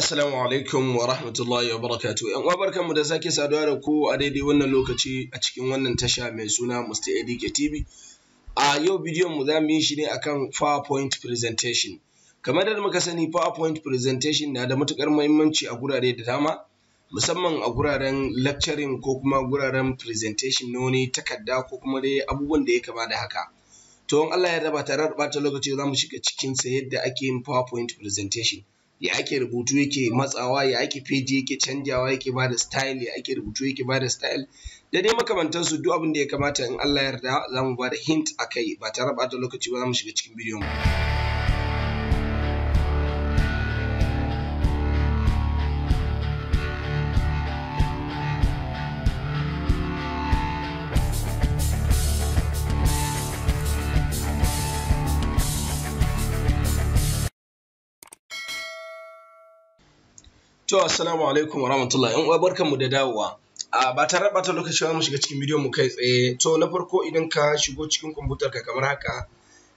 Assalamu alaikum wa rahmatullahi wa barakatu. ‘Yan uwa barkanmu da sake saduwa da ku a daidai wannan lokaci a cikin wannan tasha mai suna Mr. ADK TV. A yau bidiyon mu za mu yi shi ne akan PowerPoint presentation. Kamar da muka sani PowerPoint presentation na da matukar muhimmanci a gurare da dama, musamman a guraren lecturing ko kuma guraren presentation na wani takarda ko kuma dai abubuwan da ya kama da haka. To in Allah ya raba tare da ɓata lokaci za mu shiga cikin sa yadda ake yin PowerPoint presentation. ya ake rubutu yake matsawa ya ake feji yake canjawa yake ba da style ya ake rubutu yake ba da style da dai su duk abin da ya kamata in Allah yarda za mu ba da hint akai ba tare da lokaci ba za mu shiga cikin bidiyon mu. To assalamu alaikum wa rahmatullahi in uwa barkanmu da dawowa. A ba tare bata lokaci mu shiga cikin bidiyon mu kai tsaye. To na farko idan ka shigo cikin kwamfutar ka kamar haka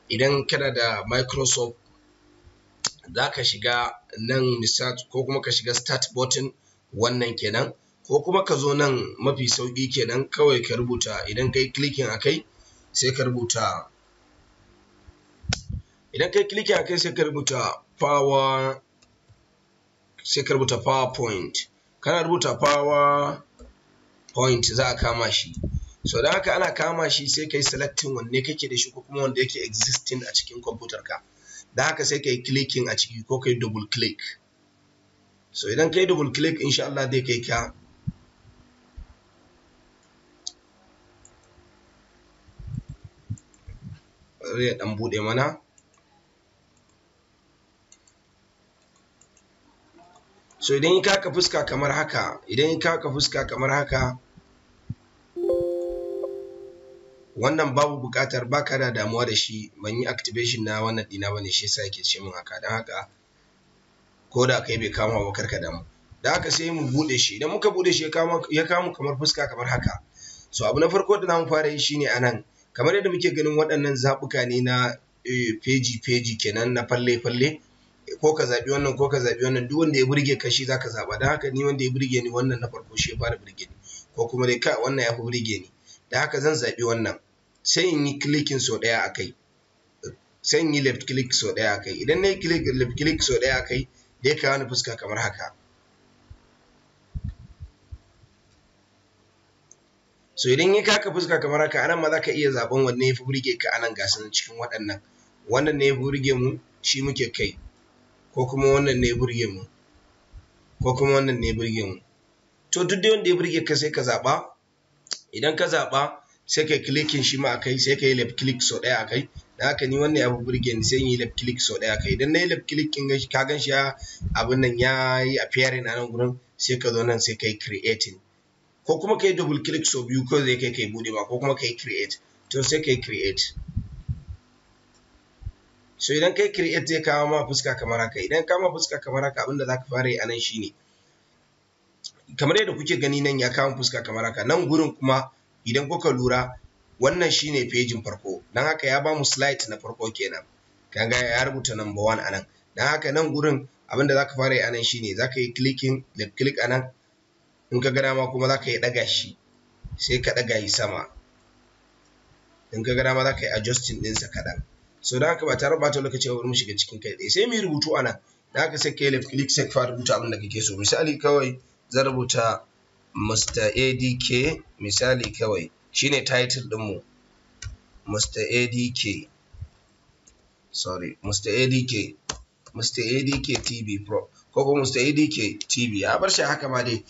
idan kana da Microsoft za ka shiga nan start ko kuma ka shiga start button wannan kenan ko kuma ka zo nan mafi sauki kenan kawai ka rubuta idan kai clicking akai sai ka rubuta idan kai clicking akai sai ka rubuta power sai ka rubuta powerpoint kana rubuta powerpoint za a kama shi so da haka ana kama shi sai ka yi selecting wanne kake da shi ko kuma wanda yake existing a cikin kwamfutar ka da haka sai ka yi clicking a ciki ko kai yi double click so idan ka yi double click insha Allah zai kai ka ya ɗan bude mana so idan yi kaka fuska kamar haka idan yi kaka fuska kamar haka wannan babu bukatar baka da damuwa da shi ban yi activation na wannan dina ba ne shi yasa yake ce min haka don haka ko da kai bai kama ba karka damu da haka sai mu buɗe shi idan muka buɗe shi ya kama kamar fuska kamar haka so abu na farko da namu fara yi shine anan kamar yadda muke ganin waɗannan zaɓuka ne na eh, feji feji kenan na falle falle ko ka zaɓi wannan ko ka zaɓi wannan duk wanda ya burge ka shi zaka zaɓa don haka ni wanda ya burge ni wannan na farko shi ya fara burge ni ko kuma dai ka wannan ya fi burge ni da haka zan zaɓi wannan sai in yi clicking sau ɗaya a kai sai in yi left click sau ɗaya a kai idan na yi left click sau ɗaya a kai dai kawo ni fuska kamar haka so idan ya kaka fuska kamar haka anan ma za ka iya zaɓen wanne ya fi burge ka anan gasan cikin waɗannan wannan ne ya fi burge mu shi muke kai ko kuma wannan ne burge mu ko kuma wannan ne burge mu to duk dai wanda ya burge ka sai ka zaɓa idan ka zaba sai ka klikin shi ma akai sai ka yi left click sau ɗaya akai na haka ni wannan abu burge ni sai yi left click sau ɗaya akai idan na yi left click kin ka gan shi ya abin nan ya yi appearing a nan gurin sai ka zo nan sai ka yi creating ko kuma ka double click sau biyu ko zai kai ka yi buɗe ko kuma ka yi create to sai ka create so idan kai create zai kawo ma fuska kamar haka idan kama fuska kamar haka abinda zaka fara yi a nan shine kamar yadda kuke gani nan ya kawo fuska kamar haka nan gurin kuma idan kuka lura wannan shine pejin farko dan haka ya bamu slide na farko kenan ga ya rubuta number one anan dan haka nan gurin abinda zaka fara yi anan shine zaka yi clicking left click anan in ka gana ma kuma zaka yi daga shi sai ka daga yi sama in ka ma za zaka yi adjusting ɗinsa kaɗan so da haka ba tare ba ta lokaci wurin shiga cikin kai sai mu yi rubutu nan da haka sai kai click sai fa rubuta abin da kake so misali kawai zan rubuta Mr. ADK misali kawai shine title din mu Mr. ADK sorry Mr. ADK Mr. ADK TV Pro ko kuma Mr. ADK TV a bar shi haka ma dai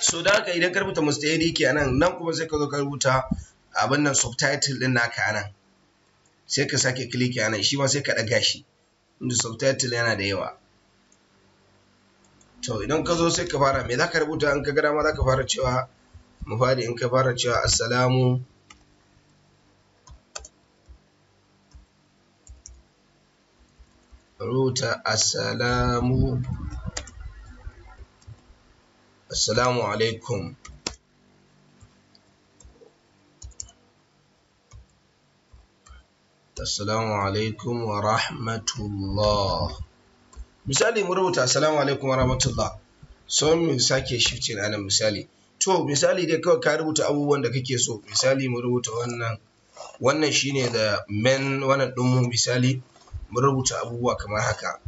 so da haka idan ka rubuta Mr. ADK anan nan kuma sai ka zo ka rubuta abin nan subtitle din naka anan sai ka sake a nan shi ma sai ka ɗaga shi inda subtitle yana da yawa to idan ka zo sai ka fara me za ka rubuta in ka ga ma za ka fara cewa mu fadi in ka fara cewa assalamu rubuta assalamu assalamu alaikum assalamu alaikum wa rahmatullah misali mu rubuta assalamu alaikum wa rahmatullah so mu sake na nan misali to misali dai kawai ka rubuta abubuwan da kake so misali mu rubuta wannan wannan shine da men wannan din mu misali mu rubuta abubuwa kamar haka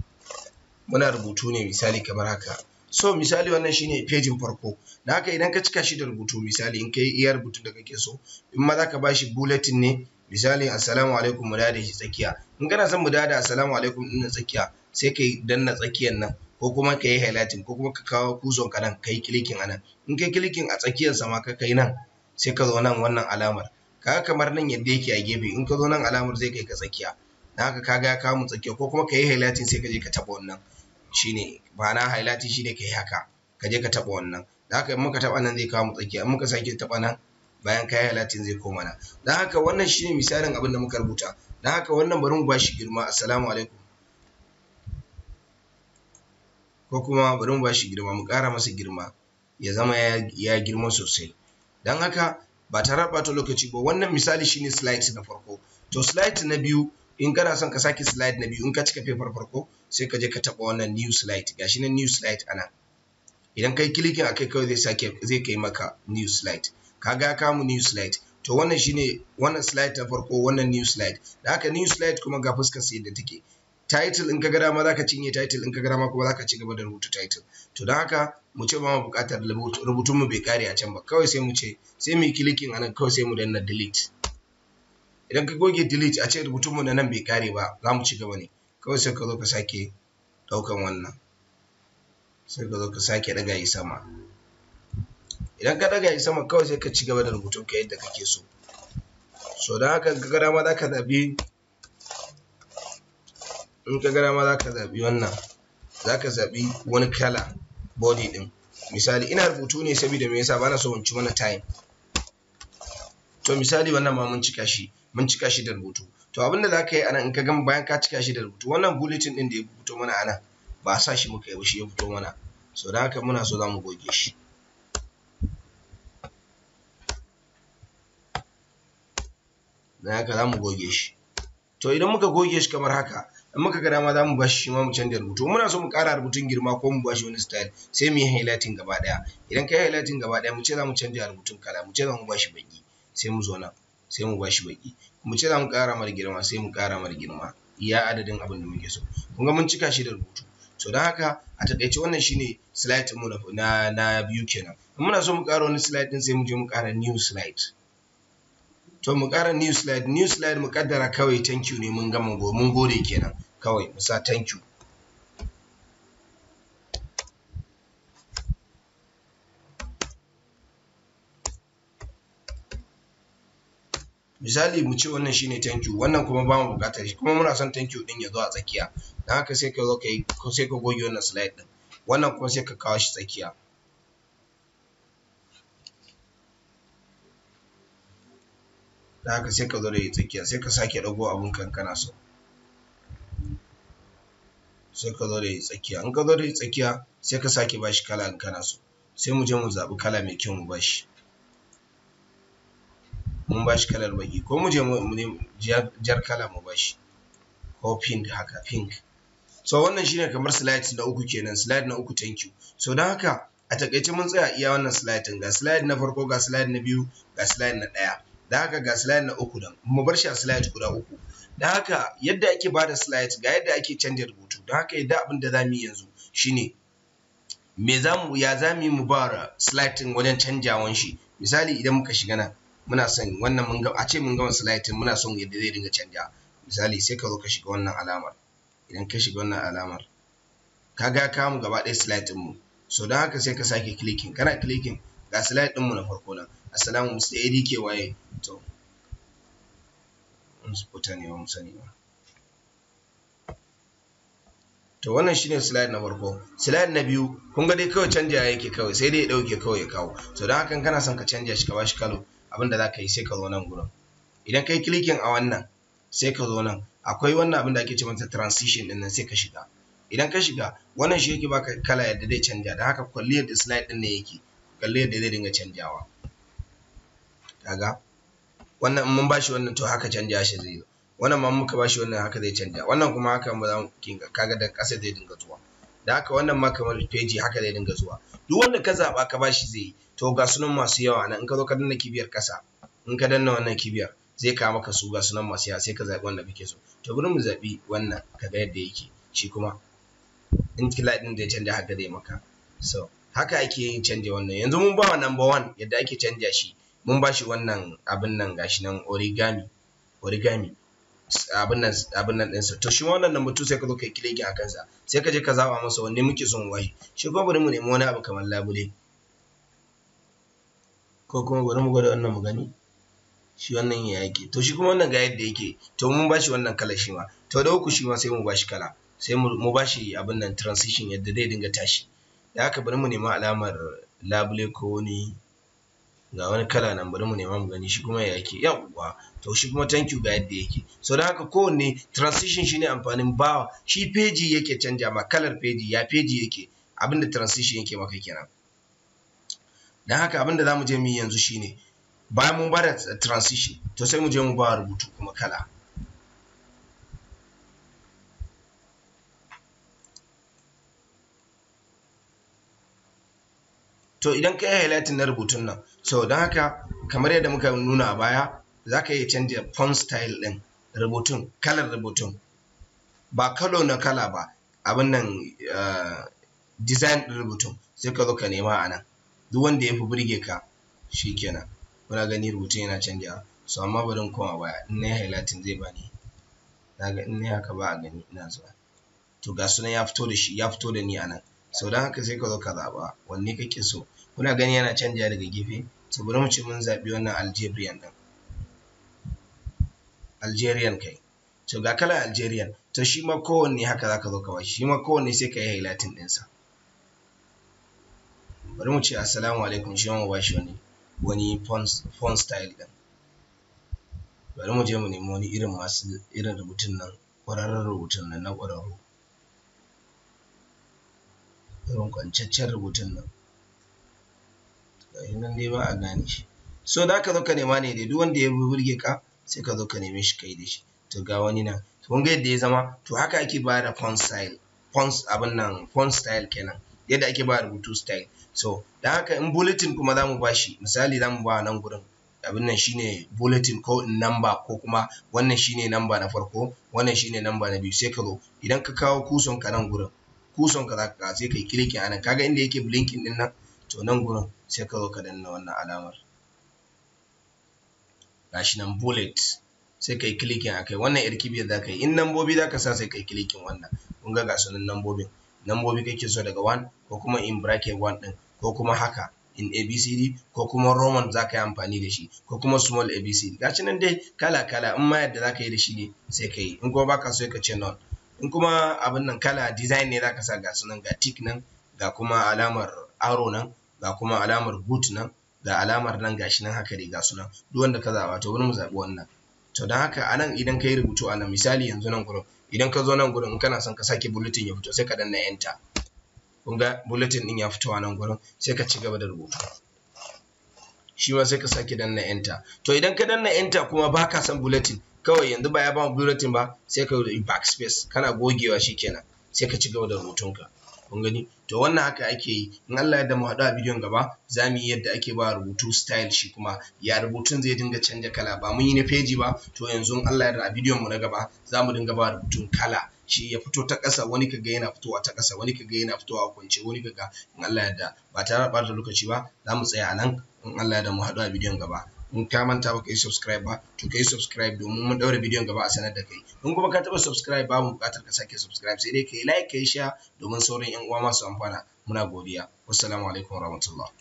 muna rubutu ne misali kamar haka so misali wannan shine pejin farko da haka idan ka cika shi da rubutu misali in kai iya rubutun da kake so in ma ka bashi bulletin ne misali assalamu alaikum mu shi tsakiya in kana son mu dada assalamu alaikum din tsakiya sai kai danna tsakiyan nan ko kuma ka yi highlighting ko kuma ka kawo kuzon ka nan ka yi clicking anan in kai kilikin a tsakiyar ma ka kai nan sai ka zo nan wannan alamar kaga kamar nan yadda yake a gefe in ka zo nan alamar zai kai ka tsakiya na haka kaga ya kawo mu tsakiya ko kuma ka yi highlighting sai ka je ka taba wannan shine na highlighting shine ka yi haka ka je ka taba wannan da haka in muka taba nan zai kawo mu tsakiya in muka sake taba nan bayan kayan latin zai koma na don haka wannan shine misalin abin da muka rubuta don haka wannan bari mu ba shi girma assalamu alaikum ko kuma bari mu ba shi girma mu ƙara masa girma ya zama ya girma sosai don haka ba tare ɓata lokaci ba wannan misali shine slide na farko to slide na biyu in kana son ka sake slide na biyu in ka cika paper farko sai ka je ka taba wannan new slide gashi nan new slide ana idan kai kilikin akai kawai zai sake zai kai maka new slide kaga kamu new slide to wannan shine wannan slide ta farko wannan new slide da haka new slide kuma ga fuskar sai da take title in ka ga dama zaka cinye title in ka ga dama kuma zaka ci gaba da rubuta title to don haka mu ce ba mu buƙatar rubutun mu bai kare a can ba kawai sai mu ce sai mu yi clicking anan kawai sai mu danna delete idan ka goge delete a ce rubutun mu na nan bai kare ba za mu ci gaba ne kawai sai ka zo ka sake ɗaukan wannan sai ka zo ka sake ɗaga yi sama idan ka ɗaga shi sama kawai sai ka ci gaba da rubutun ka yadda kake so so don haka in ka gara ma za ka zaɓi in ka gara ma za ka zaɓi wannan za ka zaɓi wani kala body ɗin misali ina rubutu ne saboda me yasa ba na so in ci mana time to misali wannan ma mun cika shi mun cika shi da rubutu to abin da za ka yi anan in ka gama bayan ka cika shi da rubutu wannan bulletin ɗin da ya rubuto mana anan ba a sa shi muka yi ba shi ya fito mana so don haka muna so za mu goge shi na haka za mu goge shi to idan muka goge shi kamar haka in muka ga dama za mu bashi shi ma mu canja rubutu muna so mu kara rubutun girma ko mu bashi wani style sai mu yi highlighting gaba ɗaya idan ka yi highlighting gaba ɗaya mu ce za mu canja rubutun kala mu ce za mu bashi baki sai mu zo nan sai mu bashi baki mu ce za mu ƙara mar girma sai mu ƙara mar girma iya adadin abin da muke so kun ga mun cika shi da rubutu to don haka a taƙaice wannan shine slide mu na na biyu kenan in muna so mu ƙara wani slide din sai mu je mu kara new slide to mu kara new slide new slide mu kaddara kawai thank you ne mun gama go mun gode kenan kawai mu sa thank you misali mu ce wannan shine thank you wannan kuma ba mu buƙatar shi kuma muna son thank you din ya zo a tsakiya dan haka sai ka zo ka yi sai ka goge wannan slide din wannan kuma sai ka kawo shi tsakiya da haka sai ka zo da tsakiya sai ka sake ɗago abin kan kana so sai ka zo da tsakiya in ka zo da tsakiya sai ka sake bashi kala in kana so sai mu je mu zaɓi kala mai kyau mu bashi mun bashi kalar baki ko mu je mu ne jar kala mu bashi ko pink haka pink so wannan shine kamar slide na uku kenan slide na uku thank you so don haka a takaice mun tsaya iya wannan slide ga slide na farko ga slide na biyu ga slide na ɗaya da haka ga slide na uku nan mu bar shi a slide guda uku da haka yadda ake bada slide ga yadda ake canja rubutu da haka yadda abin da zamu yi yanzu shine me zamu ya zamu yi mu bara slide din wajen canjawon shi misali idan muka shiga nan muna son wannan mun ga a ce mun gama slide din muna son yadda zai dinga canja misali sai ka zo ka shiga wannan alamar idan ka shiga wannan alamar kaga ka mu gaba ɗaya slide din mu so don haka sai ka sake clicking kana clicking ga slide din mu na farko nan assalamu sai ɗaya ke waye to in su fita ne ba mu sani ba to wannan shine slide na farko slide na biyu kun ga dai kawai canja yake kawai sai dai ya dauke kawai ya kawo to dan hakan kana son ka canja shi ka bashi kalo abin da zaka yi sai ka zo nan gurin idan kai clicking a wannan sai ka zo nan akwai wannan abin da ake ce mata transition din nan sai ka shiga idan ka shiga wannan shi yake baka kala yadda zai canja dan haka kwalliyar da slide din ne yake kalli yadda zai dinga canjawa kaga wannan in mun bashi wannan to haka canja shi zai wannan ma muka bashi wannan haka zai canja wannan kuma haka ba za mu kinga kaga da ƙasa zai dinga zuwa da haka wannan ma kamar page haka zai dinga zuwa duk wanda ka zaɓa ka bashi zai yi to ga sunan masu yawa nan in ka zo ka danna kibiyar ƙasa in ka danna wannan kibiyar zai kawo maka su ga sunan masu yawa sai ka zaɓi wanda kake so to bari mu zaɓi wannan ka ga yadda yake shi kuma in kila ɗin zai canja haka zai maka so haka ake yin canja wannan yanzu mun ba wa number one yadda ake canja shi mun bashi wannan abin nan gashi nan origami origami abin nan abin nan ɗinsa to shi wannan nan mutu sai ka zo ka yi kilegi a kansa sai ka je ka zaba masa wanne muke son wai shi kuma bari mu nemi wani abu kamar labule ko kuma bari mu gwada wannan mu gani shi wannan ya yake to shi kuma wannan ga yadda yake to mun bashi wannan kala shi ma to da uku shi ma sai mu bashi kala sai mu bashi abin nan transition yadda zai dinga tashi da haka bari mu nemi alamar labule ko wani ga wani kala nan bari mu nema mu gani shi kuma ya yake yawwa to shi kuma thank you ga yadda yake so don haka kowanne transition shine amfanin bawa shi peji yake canja ma kalar peji ya peji yake abinda transition yake maka kenan don haka abinda za mu je mu yanzu shine bayan mun ba da transition to sai mu je mu ba rubutu kuma kala to idan ka yi highlighting na rubutun nan so don haka kamar yadda muka nuna a baya za ka iya canja font style din rubutun kalar rubutun ba kalo na kala ba abin nan eh, design rubutun sai ka zo ka nema a nan duk wanda ya fi burge ka kenan muna gani rubutun yana canja so amma bari in koma baya in na yi highlighting zai bani na ga in na haka ba a gani ina zuwa to ga sunan ya fito da shi ya fito da ni a nan sau don haka sai ka zo ka zaɓa wanne kake so kuna gani yana canja daga gefe saboda bari mu ce mun zaɓi wannan algerian ɗin algerian kai to ga kalar algerian to shi ma kowanne haka zaka zo ka shi ma kowanne sai ka yi highlighting ɗinsa bari mu ce assalamu alaikum shi ma ba shi wani wani font style ɗin bari mu je mu nemi wani irin masu irin rubutun nan ƙwararren rubutun nan na ƙwararru irin kwanciyar rubutun nan nan dai ba a gane shi so da ka zo ka nema ne dai duk wanda ya burge ka sai ka zo ka neme shi kai da shi to ga wani nan to kun ga yadda ya zama to haka ake ba da font style font abin nan font style kenan yadda ake ba rubutu style so da haka in bulletin kuma za mu ba shi misali za mu ba nan gurin abin nan shine bulletin ko number ko kuma wannan shine number na farko wannan shine number na biyu sai ka zo idan ka kawo kuson ka nan gurin kuson ka za ka sai kai kilikin anan kaga inda yake blinking din nan to nan gurin sai ka zo ka danna wannan alamar gashi nan bullet sai ka yi a kai wannan yar kibiyar za ka yi in nambobi za ka sa sai ka yi wannan kun ga gasu nan nambobin nambobi kake so daga 1 ko kuma in bracket 1 din ko kuma haka in abcd ko kuma roman za ka yi amfani da shi ko kuma small abcd gashi nan dai kala kala in ma yadda za ka yi da shi ne sai ka yi in kuma baka so ka ce non in kuma abin nan kala design ne za ka sa gasu nan ga tick nan ga kuma alamar arrow nan ga kuma alamar boot nan ga alamar nan gashi nan haka dai gasu nan duk wanda ka zaba to wani mu zabi wannan to don haka a nan idan ka yi rubutu a nan misali yanzu nan gurin idan ka zo nan gurin in kana son ka sake bulletin ya fito sai ka danna enter kun ga bulletin din ya fito a nan gurin sai ka ci gaba da rubutu shi ma sai ka sake danna enter to idan ka danna enter kuma ba ka son bulletin kawai yanzu ba ya ba bulletin ba sai ka yi backspace kana gogewa shikenan sai ka ci gaba da rubutunka kun gani to wannan haka ake yi in Allah ya yadda mu haɗu a bidiyon gaba za mu yi yadda ake ba rubutu style shi kuma ya rubutun zai dinga canja kala ba mun yi na feji ba to yanzu in Allah yadda a bidiyon mu na gaba za mu dinga ba rubutun kala shi ya fito ta ƙasa wani kaga yana fitowa ta ƙasa wani kaga yana fitowa a kwance wani kaga in Allah yadda ba tare da ɓata lokaci ba za mu tsaya a nan in Allah yadda mu haɗu a bidiyon gaba in ka manta ba ka yi subscribe ba to ka yi subscribe domin mun daura bidiyon gaba a sanar da kai in kuma ka taba subscribe ba mu bukatar ka sake subscribe sai dai ka yi like ka yi share domin sauran yan uwa masu amfana muna godiya wassalamu alaikum warahmatullahi